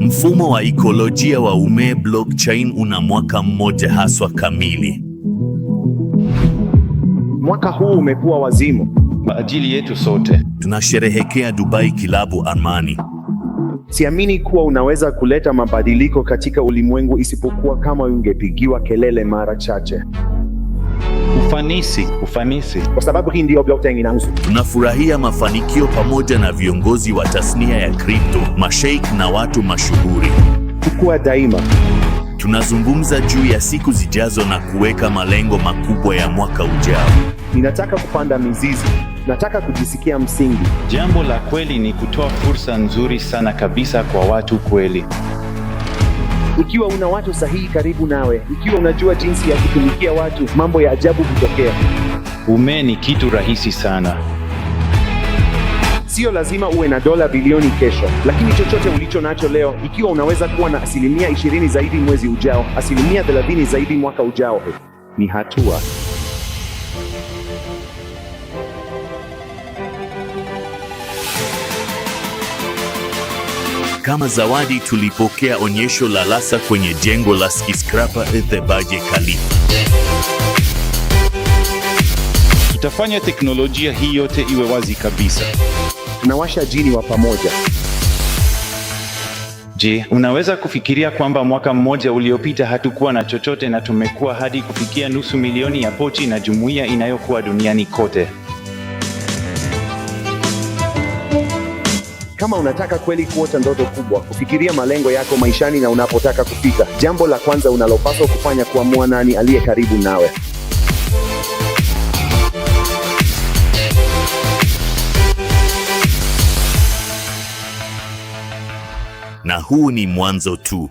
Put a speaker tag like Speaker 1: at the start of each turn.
Speaker 1: Mfumo wa ekolojia wa UME blockchain una mwaka mmoja haswa kamili.
Speaker 2: Mwaka huu umekuwa wazimu
Speaker 3: kwa ajili yetu sote.
Speaker 1: Tunasherehekea Dubai kilabu Armani.
Speaker 2: Siamini kuwa unaweza kuleta mabadiliko katika ulimwengu isipokuwa kama ungepigiwa kelele mara chache.
Speaker 3: Ufanisi, ufanisi, kwa
Speaker 2: sababu hii ndio blockchain inahusu.
Speaker 1: Tunafurahia mafanikio pamoja na viongozi wa tasnia ya kripto, masheikh na watu mashuhuri.
Speaker 2: Kukua daima
Speaker 1: tunazungumza juu ya siku zijazo na kuweka malengo makubwa ya mwaka ujao.
Speaker 2: Ninataka kupanda mizizi, nataka kujisikia msingi.
Speaker 3: Jambo la kweli ni kutoa fursa nzuri sana kabisa kwa watu kweli.
Speaker 2: Ikiwa una watu sahihi karibu nawe, ikiwa unajua jinsi ya kutumikia watu, mambo ya ajabu hutokea.
Speaker 3: Ume ni kitu rahisi sana.
Speaker 2: Sio lazima uwe na dola bilioni kesho, lakini chochote ulicho nacho leo, ikiwa unaweza kuwa na asilimia 20 zaidi mwezi ujao, asilimia 30 zaidi mwaka ujao,
Speaker 3: ni hatua
Speaker 1: Kama zawadi tulipokea onyesho la lasa kwenye jengo la Skiskrapa the kali
Speaker 3: Tutafanya teknolojia hii yote iwe wazi kabisa.
Speaker 2: Tunawasha jini wa pamoja.
Speaker 3: Je, unaweza kufikiria kwamba mwaka mmoja uliopita hatukuwa na chochote na tumekuwa hadi kufikia nusu milioni ya pochi na jumuiya inayokuwa duniani kote?
Speaker 2: Kama unataka kweli kuota ndoto kubwa, kufikiria malengo yako maishani na unapotaka kufika, jambo la kwanza unalopaswa kufanya kuamua nani aliye karibu nawe.
Speaker 1: Na huu ni mwanzo tu.